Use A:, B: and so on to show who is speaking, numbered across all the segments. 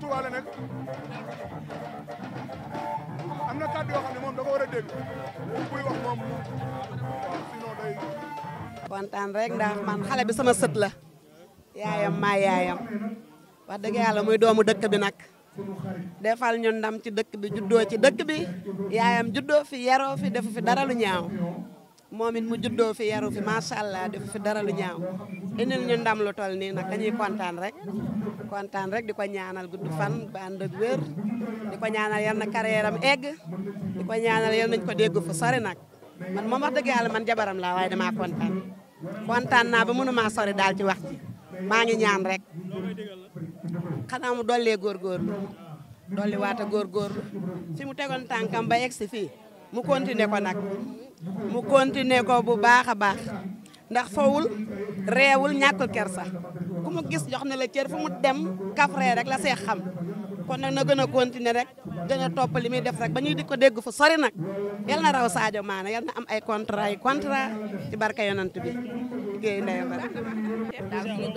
A: Touba am na
B: rek ndax man xale bi sama sët la yaayam yaayam muy doomu bi defal ndam ci bi ci bi yaayam fi yaroo fi defu fi dara lu ñaaw. moom it mu juddoo fi yaru fi macha allah def fi dara lu ñaaw indil ñu ndam lu toll nii nag dañuy kontaan rek kontaan rek di ko ñaanal gudd fan ba ànd ak wér di ko ñaanal yal na carrière am egg di ko ñaanal nañ ko dégg fu sori nag man moom wax dëgg yàlla man jabaram laa waaye damaa kontaan kontaan naa ba mënu maa sori daal ci wax ji maa ngi ñaan rek xanaa mu dollee góorgóorlu dolli waata góorgóorlu fi mu tegoon tànkam ba egg si fii mu continuer ko nag mu continuer ko bu baax a baax ndax fowul reewul ñàkkul kersa ku mu gis jox na la cër fu mu dem kafre rek la see xam kon nag na gën a continuer rek gën a topp li muy def rek ba ñuy di ko dégg fu sori nag yal na raw saajo Mané yal na am ay contrat yi contrat ci barka yonant bi liggéey ndeyam rek daal suñu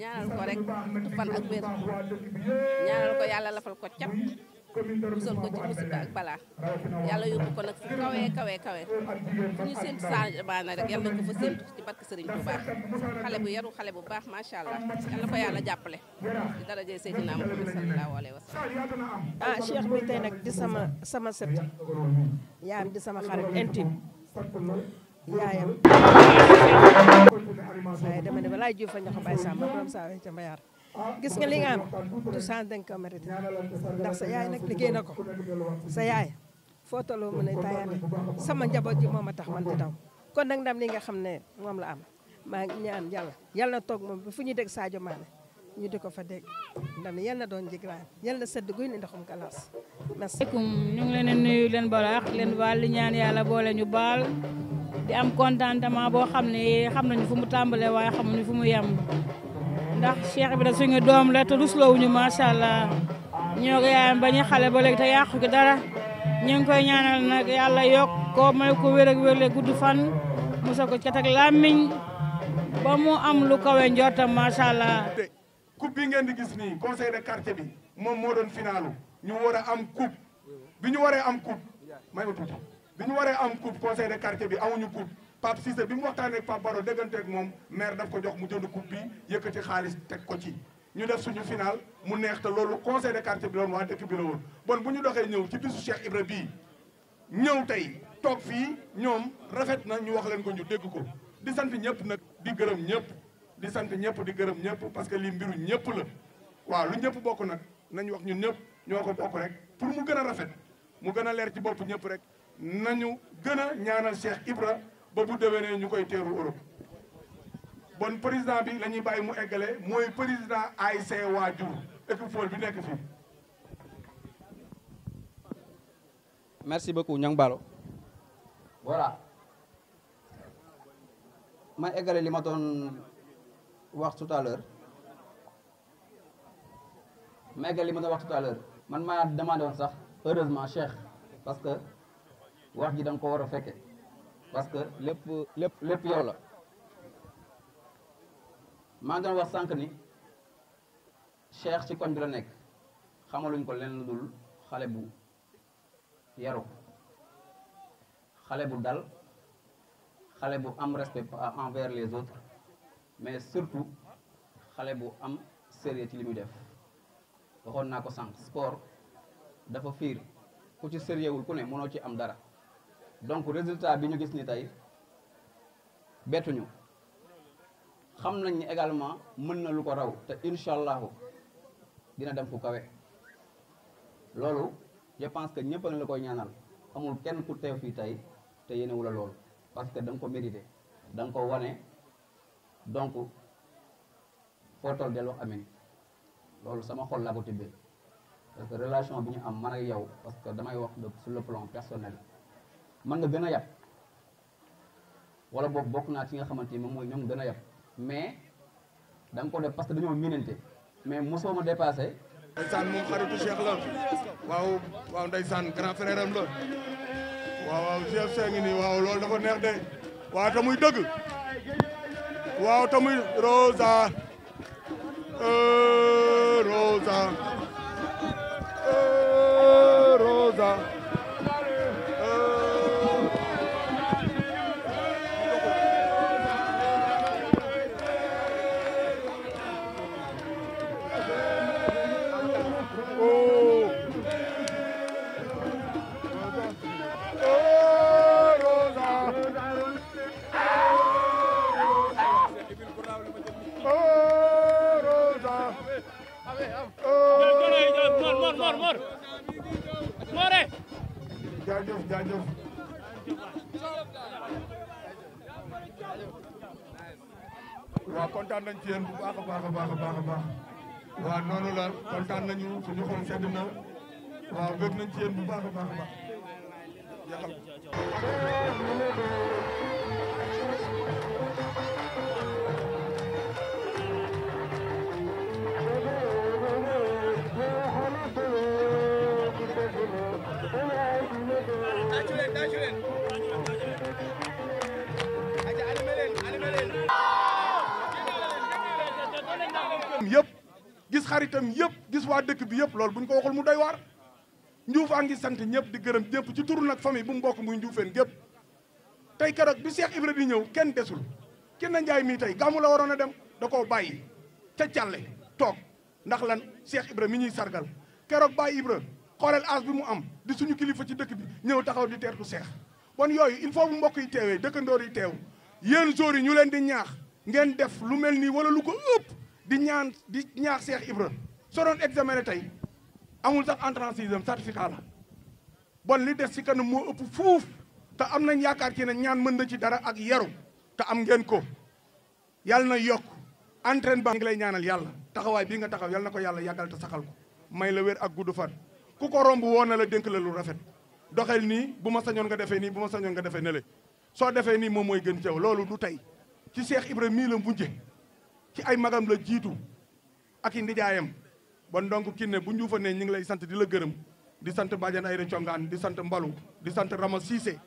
B: ñaanal ko rek tufan ak wér ko yàlla musal ko ci musiba ak balaa
A: yàlla yóbbu ko nag fu kawee
B: kawee kawee fu ñu séntu Sadio rek yàlla ko fa séntu ci barke bu baax xale bu yaru xale bu baax macha allah yàlla ko yàlla jàppale
A: di daraje Seydina Muhammad sallallahu alayhi wa sallam
B: ah dama ne balaa fa ñax bay sàmm borom saa wee ca mbayaar gis nga li nga am tout ça da nga ko mérité ndax sa yaay nag liggéey na ko sa yaay foo tolloo mën a taayaate sama njaboot ji moom a tax man di daw kon nag ndam li nga xam ne moom la am maa ngi ñaan yàlla yalla na toog moom ba fu ñu dégg Sadio Mané ñu di ko fa dégg ndam li yàlla doon jigraan yàlla na sëdd guy ni ndoxum galaas merci. asalaamaaleykum ñu leen nuyu leen balaax leen baal li ñaan yàlla boole ñu baal di am contentement boo xam ne xam nañu fu mu tàmbalee waaye xamuñu fu mu yem. ndax bi Ibra suñu doom la te rusloowuñu macha allah ñoo yaayam ba ñu xale ba léegi te yàqu ko dara ñu ngi koy ñaanal nag yàlla yokk ko may ko wér ak wér le gudd fan musa ko cat làmmiñ
A: ba mu am lu kawe njortam
B: macha allah.
A: coupe bi ngeen di gis nii conseil de quartier bi moom moo doon finalu ñu war a am coupe bi ñu waree am coupe may ma tuuti bi ñu waree am coupe conseil de quartier bi awuñu coupe. Pape Cissé bi mu waxtaanee ak Pape Baro dégganteeg moom maire daf ko jox mu jënd coupe bi yëkkati xaalis teg ko ci. ñu def suñu final mu neex te loolu conseil de quartier bi la woon waa dëkk bi la woon bon bu ñu doxee ñëw ci bisu Cheikh Ibra bii ñëw tey toog fii ñoom rafet na ñu wax leen ko ñu dégg ko di sant ñëpp nag di gërëm ñëpp di sant ñëpp di gërëm ñëpp parce que lii mbiru ñëpp la waaw lu ñëpp bokk nag nañ wax ñun ñëpp ñoo ko bokk rek pour mu gën a rafet mu gën a leer ci bopp ñëpp rek nañu gën a ñaanal Cheikh Ibra ba bu déwénee ñukoy téru Europe bon président bi lañuy bay mu égalé moy président ASC Waajur équipe football bi nek fi
C: merci beaucoup ñang balo voilà ma égalé li ma don wax tout à l'heure ma égalé li ma don wax tout à l'heure man ma demandé won sax heureusement Cheikh parce que wax ji dang ko wara fekke parce que lépp lépp lépp yow la maa ngi wax sank ni cheikh ci kon bi la nek xamaluñ ko len lu dul xalé bu yaru xalé bu dal xalé bu am respect envers les autres mais surtout xalé bu am sérieux ci li muy def waxon nako sank sport dafa fiir ku ci sérieuxul ku ne mënoo ci am dara donc résultat bi ñu gis ni tey bettuñu xam nañ ni également mën na lu ko raw te incha allahu dina dem fu kawe loolu je pense que ñëpp a la koy ñaanal amul kenn ku teew fii tey te yéenewu la loolu parce que da nga ko mérité danga nga ko wane donc foo toll del wax amin loolu sama xol laa ko tibbee parce que relation bi ñu am man a yow parce que damay wax de sur le plan personnel man nga gën a yab wala boobu bokk naa ci nga xamante ni moom mooy ñoom gën a yab mais da ko def parce que dañoo minante mais mosoo ma
A: dépassé. ndeysaan moom xaritu Cheikh waaw waaw ndeysaan grand frère la waaw waaw Cheikh nii waaw loolu dafa neex de waaw te muy dëgg waaw te muy Rosa euh, Rosa. waaw kontaan nañ ci yéen bu baax a baax a baax a baax a baax waaw noonu la kontaan nañu suñu xol sedd na waaw bëgg nañ ci yéen bu baax a baax a baax xaritam yep gis wa dëkk bi yëpp loolu buñ ko waxul mu doy war njuufaa angi sant ñëpp di gërëm ñëpp ci turu nak famille bu mbokk muy tay kërok bi Cheikh Ibra di ñëw kenn desul na njaay mi tay gamu la warona dem da ko bayyi ca tok ndax lan Cheikh Ibra mi ñuy sargal kërok bay Ibra xolal as bi mu am di suñu kilifa ci dëkk bi ñew taxaw di terku Cheikh bon yoy il faut bu mbokk yi teewee ndor yi teew yeen jour yi ñu leen di ñaax ngeen def lu melni wala lu ko upp di ñaan di ñaax Cheikh Ibra soo doon examiné tey amul sax entrant sixième certificat la bon li des ci kan mo upp fouf ta am nañ yaakar ci na ñaan mën na ci dara ak yaru ta am ngeen ko yalla na yok entraîne ba ngi lay ñaanal yalla taxaway bi nga taxaw yalla nako yalla yagal ta saxal ko may la wër ak guddu fan ku ko romb wona la denk la lu rafet doxel ni, buma sañon nga defé ni buma sañon nga defé ne le so defee nii moom mooy gën ci yow lolu du tay ci Cheikh ibrahim mi la mujje ci ay magam la jiitu ak i ndijaayam bon donc Kiné bu ñu fa ñu ngi lay sant di la gërëm di sant Badiane Aïda Thiongaan di sant Mbalu di sant Rama Cissé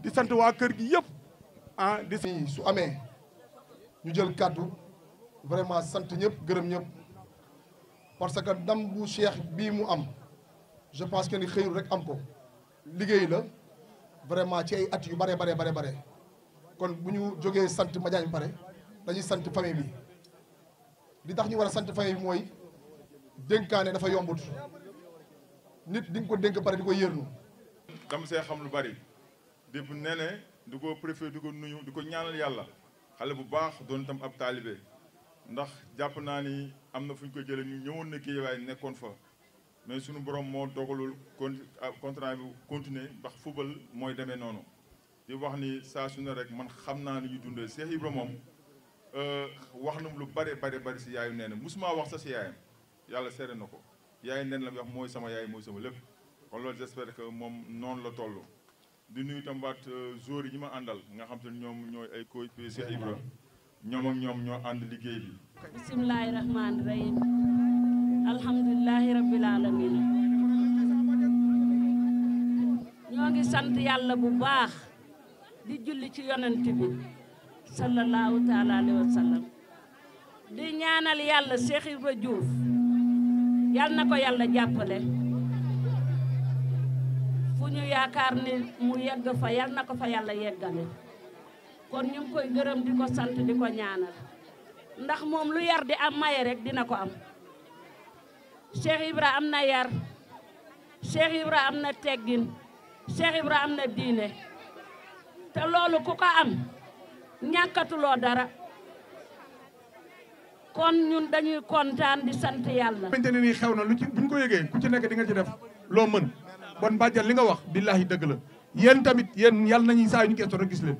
A: di sant waa kër gi yëpp ah di su amee ñu jël kàddu vraiment sant ñëpp gërëm ñëpp parce que ndam bu Cheikh bii mu am je pense que ni xëyul rek am ko liggéey la vraiment ci ay at yu bare bare bare bare kon bu ñu jógee sant Madiagne pare dañuy sant famille bi li tax ñu war a sant fay mooy dénkaane dafa yombut nit di nga ko dénk pare di ko yërnu dama see xam lu bari dépp nee ne di ko préfet di ko nuyu di ko ñaanal yàlla xale bu baax doon itam ab taalibe ndax jàpp naa ni am na fu ñu ko jëlee ñu ñëwoon na Guédiawaye nekkoon fa mais sunu borom moo dogalul con ah, contrat bi continuer ndax football mooy demee noonu di wax ni saa su ne rek man xam naa ni ñu dundee Cheikh Ibra moom Euh, wax na lu bare bare bari si yaayu nee na musuma wax sa si yaayam yàlla seere na ko yaayu neen la wax mooy sama yaay mooy sama lépp kon loolu j'espère que moom noonu la toll di nuyu tambaat euh, joueurs yi ma àndal nga xam te ne ñoom ñooy ay coach Cheikh Ibra ñoom ak ñoom ñoo ànd liggéey bi
B: bismillaahi rahmaani rahim alhamdulilahi rabbil alamin ñoo ngi sant yàlla bu baax di julli ci yonent bi sallallahu taala alayhi wa
A: di ñaanal yàlla Cheikh
B: Ibra Diouf yal na ko yàlla jàppale fu ñu yaakaar ne mu yegg fa yal na ko fa yàlla yeggale kon ñu ngi koy gërëm di ko sant di ko ñaanal ndax moom lu yar di am maye rek dina ko am Cheikh Ibra am na yar Cheikh Ibra am na teggin Cheikh Ibra am na diine te loolu ku ko am ñàkkatuloo dara kon ñun dañuy kontaan di sant yàlla.
A: xamante ne nii xew na lu ci buñ ko yëgee ku ci nekk di nga ci def loo mën bon bàjjal li nga wax billaahi dëgg la yéen tamit yéen yàlla nañu saa ñu gëstoo rek gis leen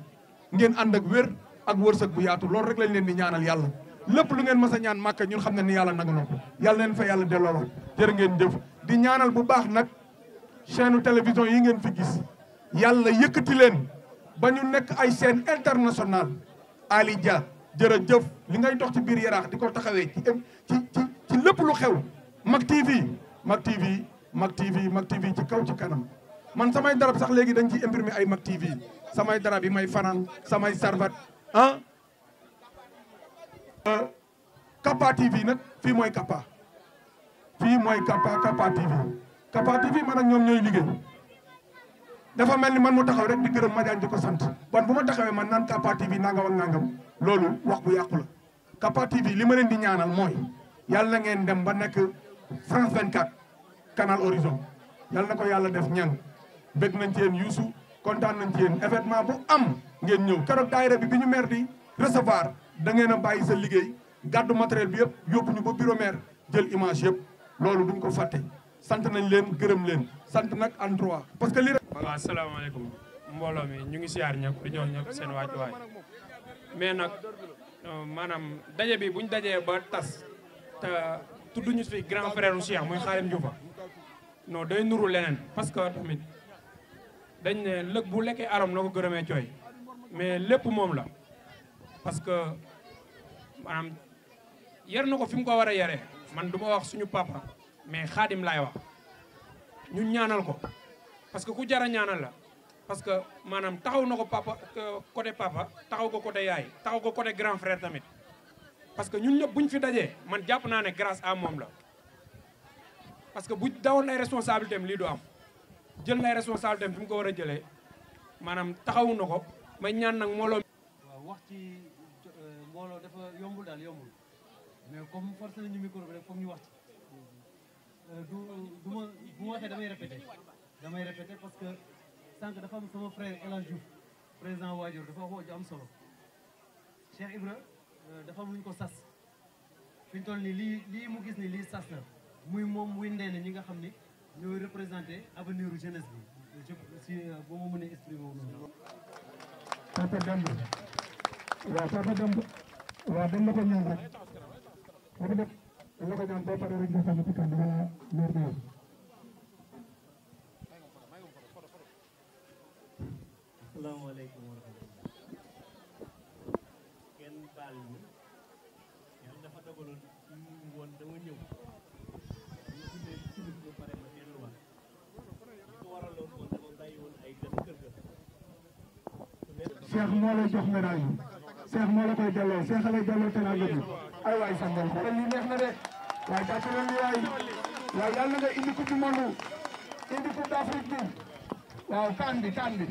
A: ngeen ànd ak wér ak wërsëg bu yaatu loolu rek lañ leen di ñaanal yàlla. lépp lu ngeen mës a ñaan màkk ñun xam ne ni yàlla nangu na ko yàlla fa yàlla delloo jërë ngeen jëf di ñaanal bu baax nag chaîne télévision yi ngeen fi gis yàlla yëkkati leen. ba ñu nekk ay scène internationale Ali Dia jërëjëf li ngay dox ci biir yaraax di ko taxawee ci ci ci lépp lu xew Mak TV Mak TV Mak TV Mak TV ci kaw ci kanam man samay darab sax léegi dañ ciy imprimer ay Mak TV samay darab yi may fanaan samay sarbat ah euh, Kappa TV nag fii mooy Kappa fii mooy Kappa Kappa TV Kappa TV man ak ñoom ñooy liggéey dafa mel ni man mu taxaw rek di gërëm Madiane di ko sant bon bu ma taxawee man naan Capa TV nangam ak nangam loolu wax bu yàqu la. Capa TV li ma leen di ñaanal mooy yàlla na ngeen dem ba nekk France 24 canal horizon yàlla na ko yàlla def ñan bëgg nañ ci yéen Youssou kontaan nañ ci yéen événement bu am ngeen ñëw keroog daayira bi bi ñu meer di recevoir da ngeen a bàyyi sa liggéey gàddu matériel bi yëpp yóbbu ñu ba bureau jël image yëpp loolu duñ ko fàtte. sant nañ leen gërëm leen sant nak en droit parce que li assalamu alaykum mbolo mi ñu ngi siar ñak di jox ñëpp seen wàccuwaay mais nak euh, manam dajé bi buñ dajé ba tas te tudduñu fi grand frère u Cheikh moy Xaalim Juufa no day nuru leneen parce que tamit dañ né lekk bu lekké aram nako ko coy mais lepp mom la parce que manam yar nako fim ko wara yaré man duma wax suñu papa mais xaadim laay wax ñu ñaanal ko parce que ku jara ñaanal la parce que maanaam taxaw na ko papa côté papa taxaw ko côté yaay taxaw ko côté grand frère tamit parce que ñu ñëpp buñ fi dajee man jàpp naa ne grâce à moom la parce que bu dawoon ay responsabilité am lii du am jël nay responsabilité am fi mu ko war a jëlee maanaam taxawu na ko may ñaan nag mbooloo
C: waaw wax ci euh, mbooloo dafa yombul daal yombul mais comme ñu nañu micro bi rek foog ñu wax du du ma bu ma waxee damay répété damay répété parce que sànq dafa am sama frère El Hadj président waajur dafa wax ju am solo Cheikh Ibra euh, dafa am lu ñu ko sas fi ñu toll lii lii mu gis ni lii sas na muy moom muy ndey na ñi nga xam ni ñooy représenté avenir jeunesse bi je si
A: euh, boo ma mënee exprimer wu noonu. Papa Demba waaw Papa Demba waaw dem ko ñaan rek. la ko ñaan boo paree rek nga sànni ci kàddu wala leer na asalaamaaleykum wa rahmatulah kenn baal ñu yàlla dafa dogaloon ci woon dama ñëw ñu tuddee sibit ba pare ma delluwaat li ko waraloon woon dama ay gan kër ga Cheikh moo lay jox médaille a delloo teraanga ay waay sangal ko li waaye gàcce na li waay waaye yàlla nga indi coupe du indi coupe d'Afrique bi waaw kan bi kan bi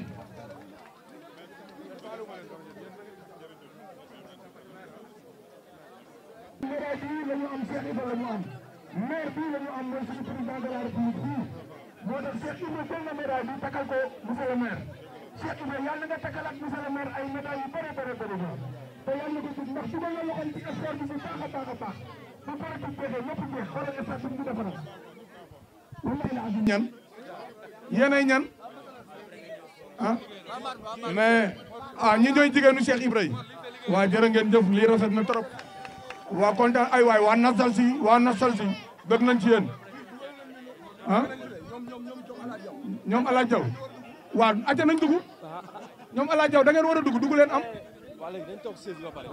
A: maire bi la ñu am Cheikh Ibrahima la ñu am maire bi la ñu am mooy suñu président de la république bi moo tax Cheikh Ibrahima jël na médaille bi takkal ko monsieur le maire Cheikh Ibrahima yàlla nga takkal ak monsieur le maire ay médailles yu bëri bëri bëri te yàlla ko ndax dugal na loxoom ci sport bi bu baax a baax a baax ñan yéenay ñan ah mais ah ñi ñooy jigéenu Cheikh Ibrahima waa jërë ngeen jëf lii rafet na trop waa kontaan ay waay waa nasal si waa nasal si bëgg nañ ci yéen ah ñoom Alaaji Jaw waa acca nañ dugg ñoom Alaaji Jaw da ngeen war a dugg dugg leen am waaw léegi dañ toog 16 ba pare